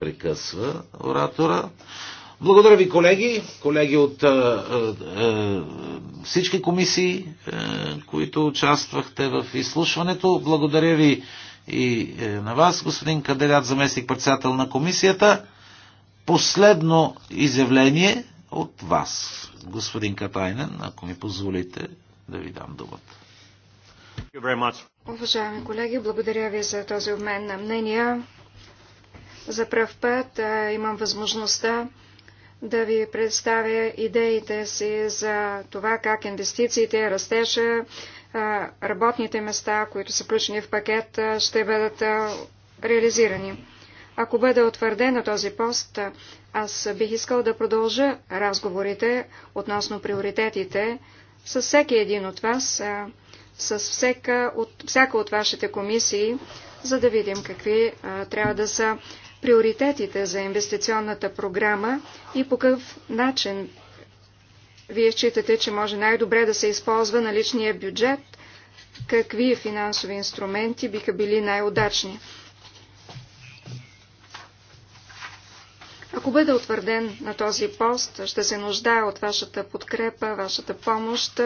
прекъсва оратора. Благодаря ви, колеги, колеги от е, е, всички комисии, е, които участвахте в изслушването. Благодаря ви и е, на вас, господин Каделят, заместник председател на комисията. Последно изявление от вас, господин Катайнен, ако ми позволите да ви дам думата. Уважаеми колеги, благодаря ви за този обмен на мнения. За пръв път а, имам възможността да ви представя идеите си за това как инвестициите, растежа, работните места, които са включени в пакет, а, ще бъдат а, реализирани. Ако бъде утвърден на този пост, аз бих искал да продължа разговорите относно приоритетите с всеки един от вас, с всяка от, всяка от вашите комисии, за да видим какви а, трябва да са приоритетите за инвестиционната програма и по какъв начин вие считате, че може най-добре да се използва наличния бюджет, какви финансови инструменти биха били най-удачни. Ако бъда утвърден на този пост, ще се нуждая от вашата подкрепа, вашата помощ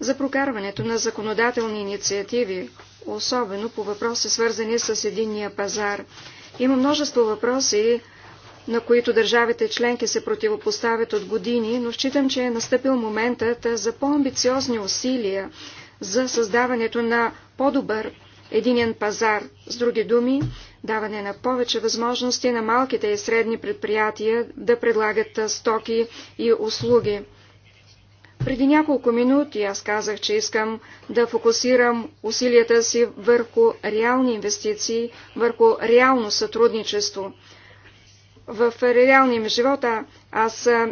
за прокарването на законодателни инициативи, особено по въпроси свързани с единния пазар. Има множество въпроси, на които държавите членки се противопоставят от години, но считам, че е настъпил моментът за по-амбициозни усилия за създаването на по-добър единен пазар, с други думи, даване на повече възможности на малките и средни предприятия да предлагат стоки и услуги. Преди няколко минути аз казах, че искам да фокусирам усилията си върху реални инвестиции, върху реално сътрудничество. В реалния ми живота аз а,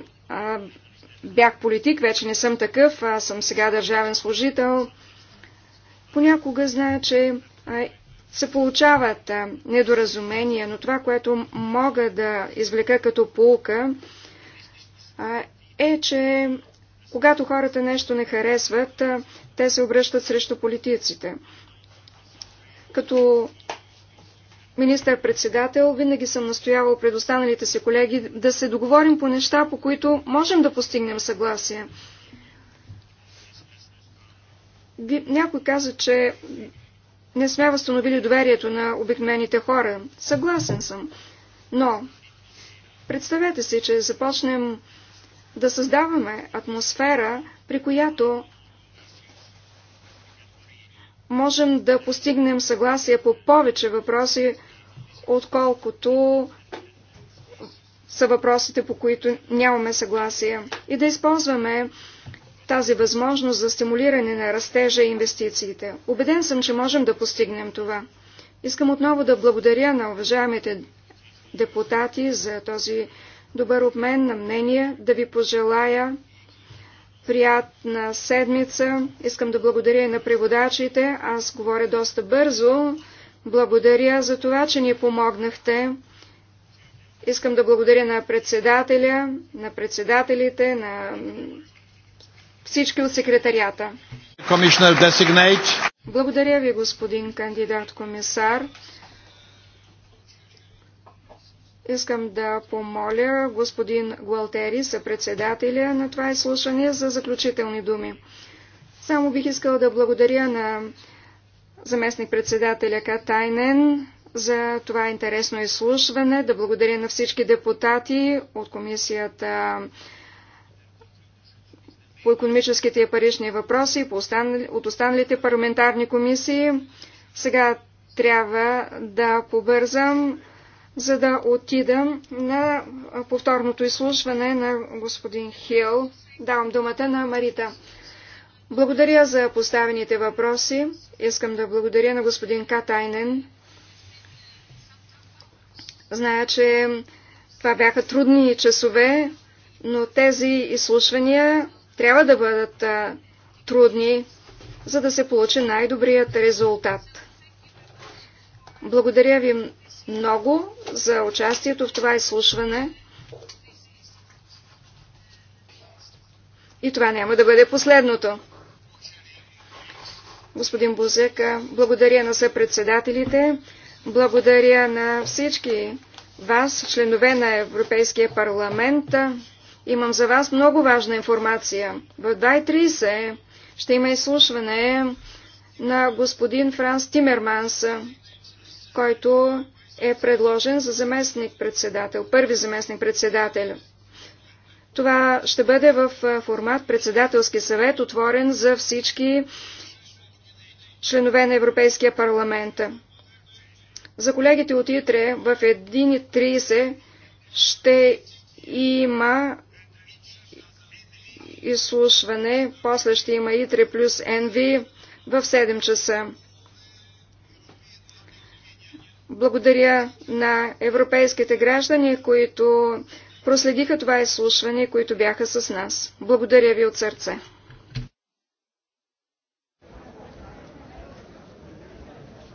бях политик, вече не съм такъв, аз съм сега държавен служител. Понякога зная, че а, се получават а, недоразумения, но това, което мога да извлека като полука, а, е, че когато хората нещо не харесват, те се обръщат срещу политиците. Като министър-председател винаги съм настоявал пред останалите си колеги да се договорим по неща, по които можем да постигнем съгласие. Някой каза, че не сме възстановили доверието на обикновените хора. Съгласен съм. Но представете си, че започнем да създаваме атмосфера, при която можем да постигнем съгласие по повече въпроси, отколкото са въпросите, по които нямаме съгласие. И да използваме тази възможност за стимулиране на растежа и инвестициите. Обеден съм, че можем да постигнем това. Искам отново да благодаря на уважаемите депутати за този добър обмен на мнения, да ви пожелая приятна седмица. Искам да благодаря и на преводачите. Аз говоря доста бързо. Благодаря за това, че ни помогнахте. Искам да благодаря на председателя, на председателите, на всички от секретарията. Благодаря ви, господин кандидат комисар. Искам да помоля господин Гуалтери, съпредседателя на това изслушане, за заключителни думи. Само бих искала да благодаря на заместник-председателя Катайнен за това интересно изслушване, да благодаря на всички депутати от комисията по економическите и парични въпроси, по останали, от останалите парламентарни комисии. Сега трябва да побързам за да отида на повторното изслушване на господин Хил. Давам думата на Марита. Благодаря за поставените въпроси. Искам да благодаря на господин Катайнен. Зная, че това бяха трудни часове, но тези изслушвания трябва да бъдат трудни, за да се получи най-добрият резултат. Благодаря ви много за участието в това изслушване. И това няма да бъде последното. Господин Бузека, благодаря на съпредседателите, благодаря на всички вас, членове на Европейския парламент. Имам за вас много важна информация. В 2.30 ще има изслушване на господин Франс Тимерманс, който е предложен за заместник-председател, първи заместник-председател. Това ще бъде в формат председателски съвет, отворен за всички членове на Европейския парламент. За колегите от ИТРЕ в 1.30 ще има изслушване, после ще има ИТРЕ плюс НВ в 7 часа. Благодаря на европейските граждани, които проследиха това изслушване, които бяха с нас. Благодаря ви от сърце.